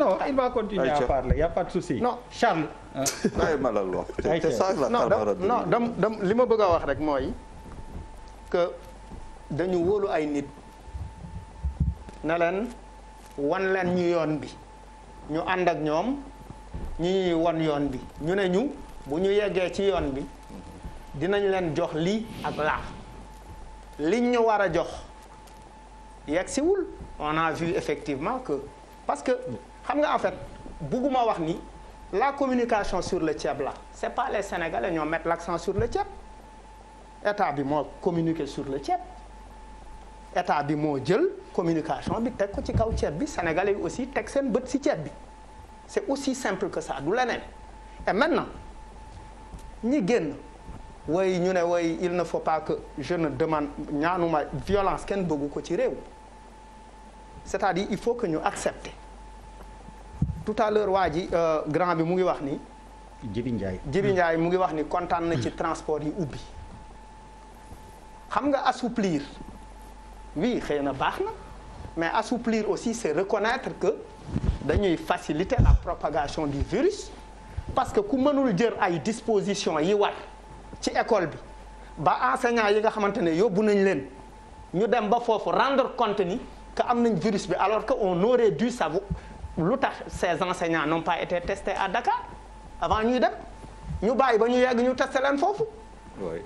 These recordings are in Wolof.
non il va continuer à parler y' a pas de souci. non Charles. bàyyi eh. ma la wax. dam dam li ma bëgg wax rek mooy que dañu wóolu ay nit na leen wan leen ñu yoon bi ñu ànd ak ñoom ñi won yoon bi ñu ne ñu bu ñu yeggee ci yoon bi dinañ leen jox lii ak laa liñ ñu war a jox yegg siwul a vu effectivement que parce xam nga en fait bugguma wax ni la communication sur le ceeb la c'est pas les sénégalais ñoo mettre l'accent sur le ceeb état bi moo communiquer sur le ceeb état bi moo jël communication bi teg ko ci kaw ceeb bi sénégalais yi aussi teg seen bët si ceeb bi c'est aussi simple que sa du leneen et maintenant ñi génn way ñu ne way il ne faut pas que je ne demande ñaanuma violence kenn bëggu ko ci réew c'est-à-dire il faut que ñu accepter tout à l'heure waa ji euh, grand bi mu ngi wax ni. Jibi Ndiaye Jibi mu ngi wax ni kontaan na ci transport yi ubbi xam nga assouplir oui xëy na baax na mais assouplir aussi c'est reconnaître que dañuy faciliter la propagation du virus parce que ku mënul jël ay dispositions yi war ci école bi ba enseignants yi nga xamante ne yóbbu nañ leen ñu dem ba foofu rendre compte ni que am nañ virus bi alors que on aurait du savoir lu tax ces enseignants n'ont pas été testés à Dakar avant ñuy dem ñu bàyyi ba ñu yegg ñu testé leen foofu.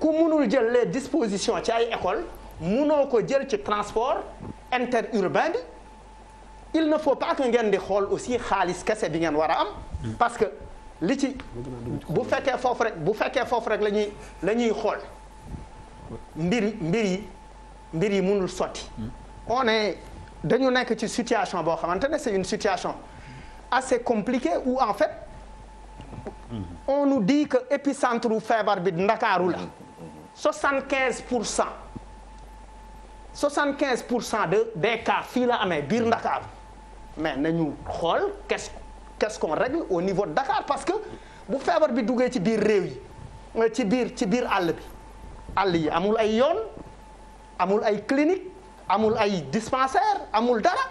ku mënul jël les disposition ci ay école mënoo ko jël ci transport interurbain bi il ne faut pas que ngeen di xool aussi xaalis kese bi ngeen war a am. Mm. parce que li ci bu fekkee foofu rek bu fekkee foofu rek la ñuy la ñuy xool mbir mbir yi mbir yi mënul sotti. Mm. on dañu nekk ci situation boo xamante ne c'est une situation assez compliqué où en fait on nous dit que épicentre wu feebar bi Ndakaaru la soixante quinze pour cent soixante quinze pour cent de des cas fii la amee biir Ndakaaru mais nañu xool qu'est-ce quest qu'on règle au niveau de Dakar parce que bu feebar bi duggee ci biir réew yi ci biir ci biir àll bi àll yi amul ay yoon amul ay clinique amul ay dispensaire amul dara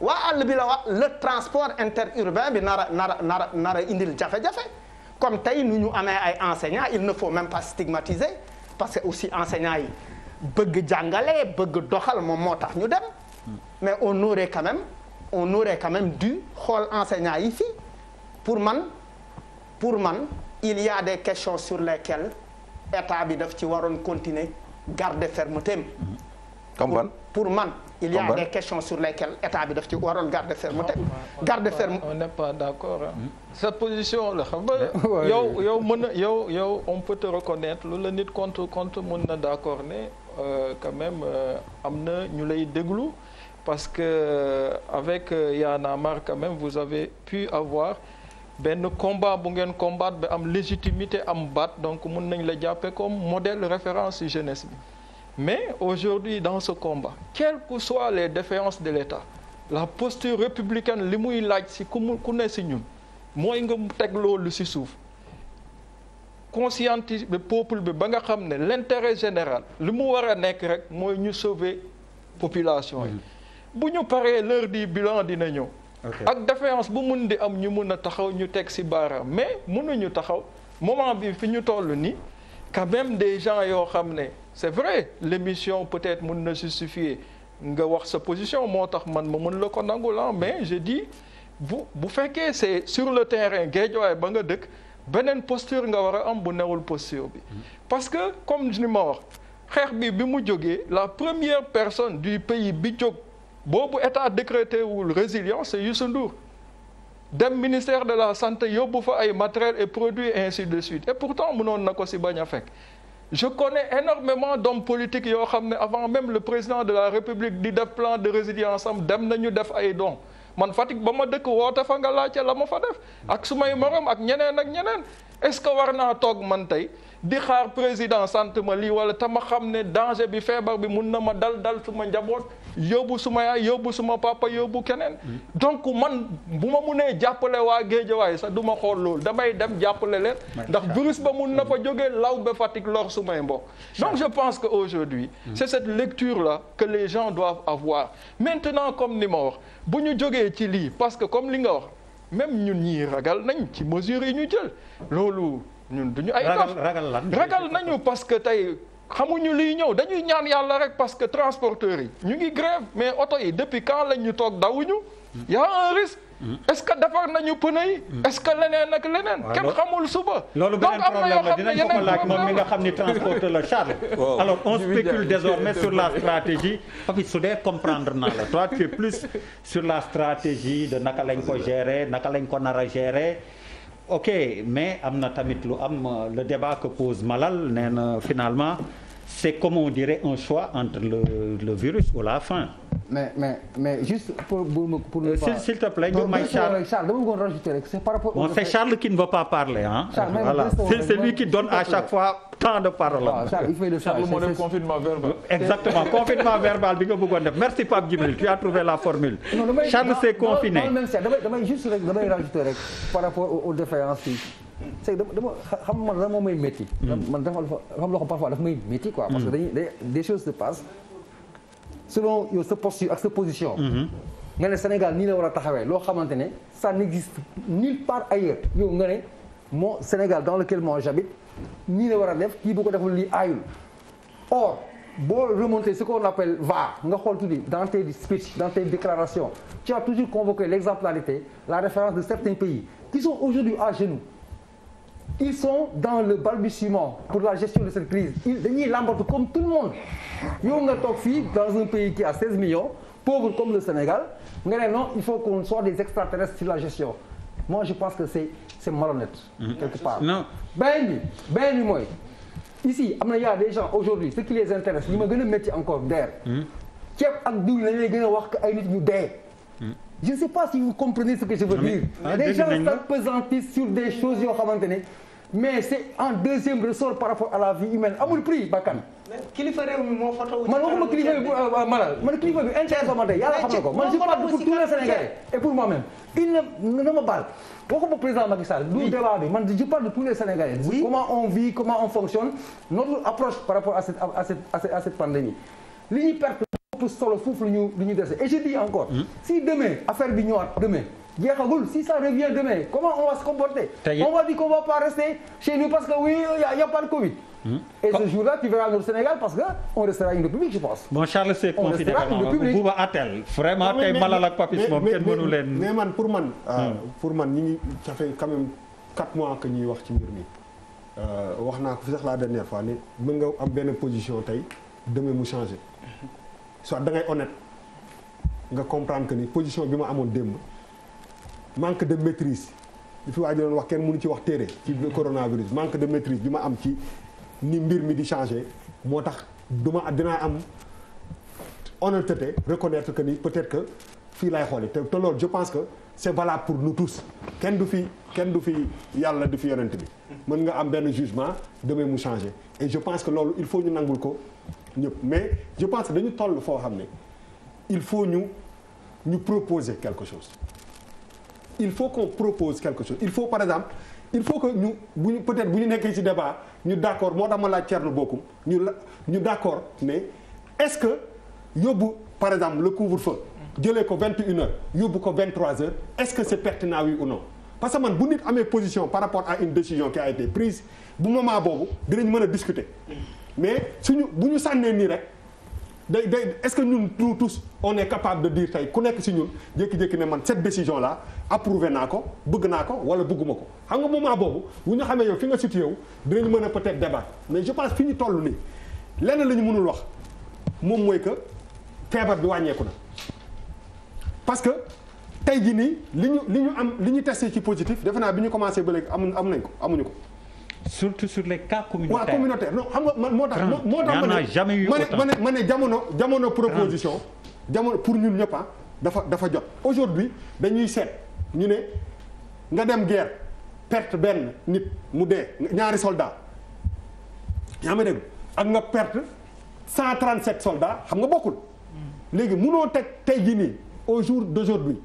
waa àll bi la wax le transport interurbain bi nar a nar nar a indil jafe-jafe comme tey nu ñu amee ay enseignants il ne faut même pas stigmatiser parce que aussi enseignants yi bëgg jàngale bëgg doxal moom moo tax ñu dem mais on aurait quand même on aurait quand xool enseignants yi fii pour man pour man il y des questions sur lesquelles état bi daf ci waroon continuer garder fermeté comme ban pour man. il y a des questions sur lesquelles état bi daf ci waroon garder ferme mu teg ah, garder ferme. on n'est pas d'accord hmm? sa position la xam yow yow mën na yow yow on peut te reconnaître lu la nit contre contre mën na d'accord ne euh, quand même euh, am na ñu lay déglu parce que euh, avec Y'en a marre quand même vous avez pu avoir. benn combat bu ngeen combattre ba am légitimité am baat donc mun nañ la jàppee comme modèle référence jeunesse bi Mais aujourd'hui, dans ce combat, quelles que soient les défaillances de l'État, la posture républicain li muy laaj si ku mu ku ne si ñun mooy nga teg loolu si suuf conscientiser bi peuple bi ba nga xam ne l'intérêt général li mu war a nekk rek mooy ñu sauver population yi. Mm-hmm. bu ñu paree l'heure du bilan dina ñëw. ak défaillance bu mun di am ñu mun a taxaw ñu teg si baaraam mais ñu taxaw moment bi fi ñu toll nii quand des gens yoo xam ne. c'est vrai l'émission peut-être mun na justifier nga wax sa position moo tax man ma mën la ko nangul la mais je dis bu bu fekkee c'est sur le terrain géejuwaay ba nga dëkk beneen posture nga war a am bu newul posture bi mm-hmm. parce que comme ni ma wax xeex bi bi mu jógee la première personne du pays bi jóg boobu état décrété wul résilience c'est Youssou Ndour dem ministère de la santé yóbbu fa ay matériel et produits et ainsi de suite et pourtant mënoon na ko si bañ a fekk je connais énormément d'hommes politique yoo xam ne avant même le président de la république di def plan de résilience am dem nañu def ay dons man Fatick ba ma dëkk woote fa nga laajte la ma fa def ak su may morom ak ñeneen ak ñeneen est-ce que war naa toog man tey di xaar président sant ma lii wala tama xam ne danger bi feebar bi mun na ma dal dal suma njaboot yóbbu suma yaay yóbbu suma papa yóbbu keneen. donc man bu ma munee jàppale waa waay sax du ma xool loolu damay dem jàppale leen. ndax virus ba mun na fa jógee mm-hmm. law ba Fatick lor sumay mbokk. donc je pense que aujourd'hui mm-hmm. c'est cette lecture la que les gens doivent avoir maintenant comme ni ma wax bu ñu jógee ci lii parce que comme li nga wax même ñun ñii ragal nañ ci mesures yi ñu jël loolu ñun duñu ay. ragal ragal nañu parce que tey. xamuñu liy ñëw dañuy ñaan yàlla rek parce que transporteurs yi ñu ngi grève mais oto yi depuis quand lañ ñu toog dawuñu y a un est-ce que defar nañu pneu yi est-ce que leneen ak leneen kenn xamul suba loolu beneen problème la dinañ ko laaj mi nga xam ni transporteur la Charles oh, alors on spécule désormais sur la stratégie Papis su dee comprendre naa la toi tu es plus sur la stratégie de naka lañ ko gérer naka lañ ko nar a gérer ok mais am na tamit lu am le débat que pose Malal nee na finalement c'est comme on dirait un choix entre le le virus ou la faim mais mais mais juste pour pour pour. ne euh, pas s'il te plaît Charles bon c'est Charles qui ne veut pas parler ah. c'est lui qui donne à chaque fois temps de parole. waaw Charles il faut le Charles confinement verbal. Euh, exactement confinement verbal bi nga merci Pape Djibril la formule. Charles s'est confiné non non damay damay juste rek damay rajouter rek par rapport may métti. Hmm. man dafa quoi. parce que hmm. des choses se passent. selon yow sa posture ak sa position. Mhm. nga ne Sénégal nii la war a taxawee loo xamante ne ça n'existe nulle part ailleurs yow nga ne moo Sénégal dans lequel moi j'habite nii la war a def kii bu ko deful lii aayul or boo remonter ce qu'on appelle VAR nga xool tuuti dans tes speech dans tes déclarations tu as toujours convoqué l'exemplarité la référence de certains pays qui sont aujourd'hui à genoux ils sont dans le balbutiement pour la gestion de cette crise ils dañuy làmbatu comme tout le monde yow nga toog fi dans un pays qui a 16 millions pauvre comme le Sénégal nga ne non il faut qu'on soit des extraterrestres sur la gestion je pense que c'est c'est malhonnête mhm. quelque part non beneen bi beneen bi mooy ici am na y a des aujourd'hui ce qui les intéresse li ma gën a métti encore der mhm. ceeb ak diw la ñuy gën a wax que ay nit ñu dee mhm. je ne sais pas si vous comprenez ce que je veux dire. Ah, les gens s'appesantissent sur des choses yoo xamante mais c' est deuxième ressort par rapport à la vie humaine amul prix bakkan. kilifa réew mi moo foto. man waxuma euh, kilifa bi malal man tous les Sénégalais et pour moi-même il ne na ma président Macky Sall. du débat de tous les Sénégalais. comment on vit comment on fonctionne notre approche par rapport à cette pandémie li perte. ëpp solo foofu lu ñu lu ñu dese et je dis encore hmm? si demain affaire on va se comporter on va dire qu'on parce que oui il y, y a pas de Covid hmm? et parce que on restera une république je pense. bon Charles Seck moom fi Bouba pour man. Euh, hmm. pour man ñi ngi ça fait mois que ñuy wax ci mbir mi. Euh, wax naa ko fi sax la dernière fois ne mën nga am benn position tey demain mu changé. soit da ngay honnête nga comprendre que ni position bi ma amoon démb manque de maîtrise li fi waa ji wax kenn mënu ci wax téere ci coronavirus manque de maîtrise bi ma am ci ni mbir mi di changé moo tax du ma dinaa am honnêteté reconnaître que nii peut-être que fii lay xoole te te je pense que c'est valable pour nous tous kenn du fi kenn du fi yàlla du fi yonent bi mën nga am benn jugement demee mu changé et je pense que loolu il faut ñu nangul ko ñëpp mais je pense que dañu toll foo xam ne il faut ñu ñu proposer quelque chose il faut qu'on propose quelque chose faut par exemple il faut que ñu bu peut-être bu ñu nekkee ci débat ñu d'accord moo tax ma laaj Thierno Bocoum ñu la ñu d'accord ne est-ce que yóbbu par exemple le couvre-feu jëlee ko 21 heures yóbbu ko 23 heures est-ce que c'est pertinent oui ou non parce que man bu nit amee position par rapport à une décision qui ay été prise bu moment boobu dinañ mën a discuter mais suñu bu ñu sànnee nii rek day day est-ce que ñun tous tous on est capable de dire tey ku nekk si ñun jékki-jékki ne man cette décision là approuvé naa ko bëgg naa ko wala bëgguma ko xam nga moment boobu bu ñu xamee yow fi nga situé wu dinañ mën a peut-être débattre mais je pense ñu toll nii lenn la ñu mënul wax moom mooy que feebar bi wàññeeku na parce que tey jii nii li ñu li ñu am li ñu testé ci positif defe naa bi ñu commencé ba léegi amuñ am nañ ko amuñu ko. surtout sur les cas communautaires waaw communautaire non xam nga man moo tax. moo tax ma ne jamais eu autant ma ne ma jamono jamono proposition. jamono pour ñun ñëpp ah, dafa dafa jot. aujourd'hui dañuy set ñu ne nga dem guerre perte benn nit mu dee ñaari soldat yaa ma dégg ak nga perte 137 soldats xam nga bokkul. Hmm. léegi munoo teg tey jii nii au jour d'aujourd'hui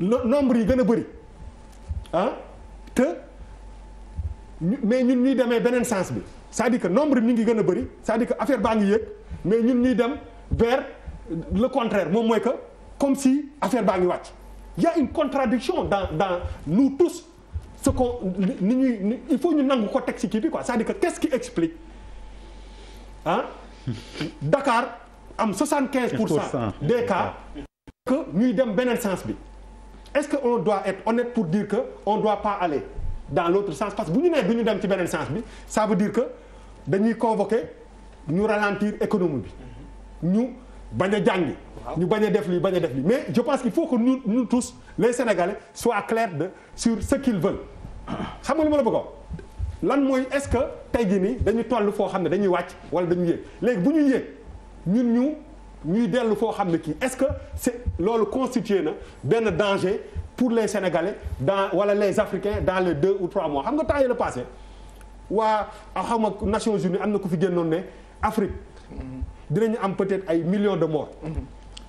le nombre yi gën a bëri ah mais ñun ñuy demee beneen sens bi c'est-à-dire que nombre bi ñu ngi gën a bëri c'est-à-dire que affaire baa ngi yéeg mais ñun ñuy dem vers le contraire moom mooy que comme si affaire baa ngi wàcc y une contradiction dans dans nous tous ce qu'on ni ñuy il faut ñu nangu ko teg ci kii bi quoi sa à dire que qu'est-ce qui explique ah Dakar am 75 pour cent des cas que ñuy dem beneen sens bi est-ce que on doit être honnête pour dire que on doit pas aller dans l'autre sens parce que bu ñu nee bu ñu dem ci beneen sens bi ça veut dire que dañuy convoquer ñu ralentir économie bi ñu bañ a jàngi ñu bañ a def lii bañ def lii mais je pense qu'il faut que nous nous tous les Sénégalais soit clairs de sur ce qu'ils veulent xam nga lu ma la lan mooy est-ce que tey jii nii dañu toll foo xam ne dañuy wàcc wala dañu yéeg léegi bu ñuy yéeg ñun ñu ñuy dellu foo xam ne kii est-ce que c'est loolu constitué na benn danger pour les sénégalais dans wala les africains dans les deux ou trois mois xam nga temps yële passé waa ah, xaw ma Nations Unies am na ku fi génnoon ne Afrique dinañu am peut-être ay millions de morts.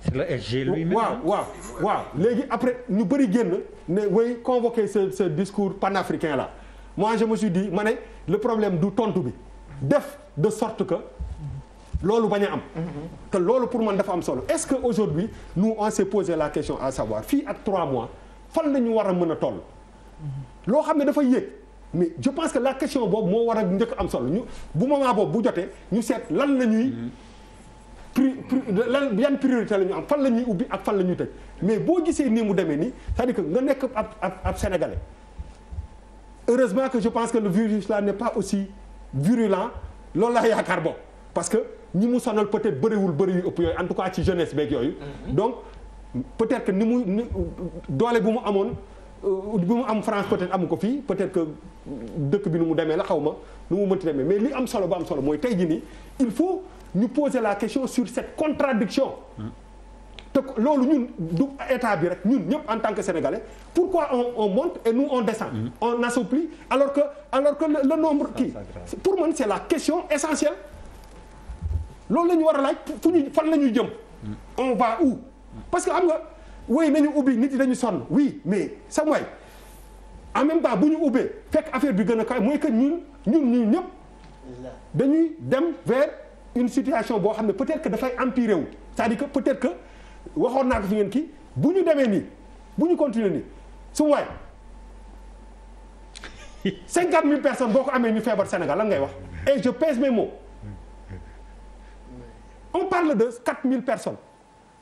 c'est le SG lui waaw waaw léegi après ñu bëri génn ne way convoquer ce ce discours panafricain là moi je me suis ma ne le problème du tontu bi def de sorte que. loolu bañ a am. te mhm. loolu pour man dafa am solo est-ce que aujourd'hui nous on s'est posé la question à savoir fii ak trois mois. fan la ñu war a mën a toll. loo xam ne dafa yéeg mais je pense que la question boobu moo war a njëkk am solo ñu bu moment boobu bu jotee ñu seet lan la ñuy. Mm-hmm. pri lan yan priorité la ñu am fan la ñuy ubbi ak fan la ñuy tëj mais boo gisee nii mu demee nii cest à que nga nekk ab ab ab sénégalais. heureusement que je pense que le virus là n'est pas aussi virulent loolu laa yaakaar boobu parce que ñi mu sonal peut bëriwul bëri yu ëpp yooyu en tout cas ci jeunesse beeg yooyu mm-hmm. peut-être que ni mu ni doole bu mu amoon euh, bu mu am France peut-être amu ko fii peut-être que dëkk bi nu mu demee la xaw ma nu mu mënti demee mais li am solo ba am solo mooy tey jii nii il faut ñu poser la question sur cette contradiction te ko loolu ñun du état bi rek ñun ñëpp en tant que sénégalais pourquoi on on monte et nous on descend. Mm-hmm. on assouplit alors que alors que le, le nombre ah, kii pour man c'est la question essentielle loolu lañu ñu war a laaj fu ñu fan la ñuy jëm. Mm. parce que xam nga woy nañu ubbi nit yi dañu sonn oui mais sa mooy en même bu ñu ubbee fekk affaire bi gën a kaw mooy que ñun ñun ñun ñëpp dañuy dem vers une situation boo xam ne peut-être que dafay empirer wu cest à que peut-être que waxoon naa ko fi ngeen kii bu ñu demee nii bu ñu continuer nii su waay cinquante mille personnes boo ko amee ñu feebar Sénégal lan ngay wax et je pèse mes mots on parle de quatre mille personnes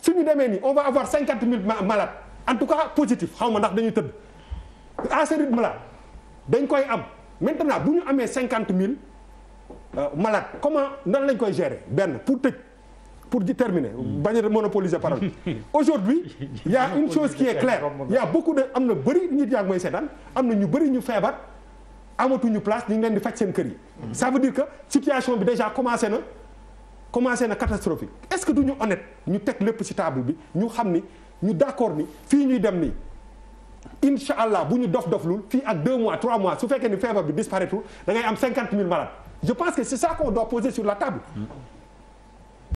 su ñu demee nii on va avoir cinquante mille malades en tout cas positif xaw ma ndax dañuy tëdd à ce rythme dañ koy am maintenant bu ñu amee cinquante mille euh, malades comment nan lañ koy gérer benn pour tëj pour di terminer bañ a monopoliser parole aujourd'hui il y a une chose qui est claire il y a beaucoup de am na bëri nit yaa ngi mooy seetaan am na ñu bëri ñu feebar amatuñu place ñu ngi leen di faj seen kër yi ça veut dire que situation bi déjà commencé na commencé na catastrophique est-ce que du ñu honnête ñu teg lépp ci table bi ñu xam ni ñu d'accord ni fii ñuy dem nii incha allah bu ñu dof doflul fii ak 2 mois 3 mois su fekkee ni feebar bi disparaître da ngay am 50 000 malades je pense que c'est ça qu'on doit poser sur la table.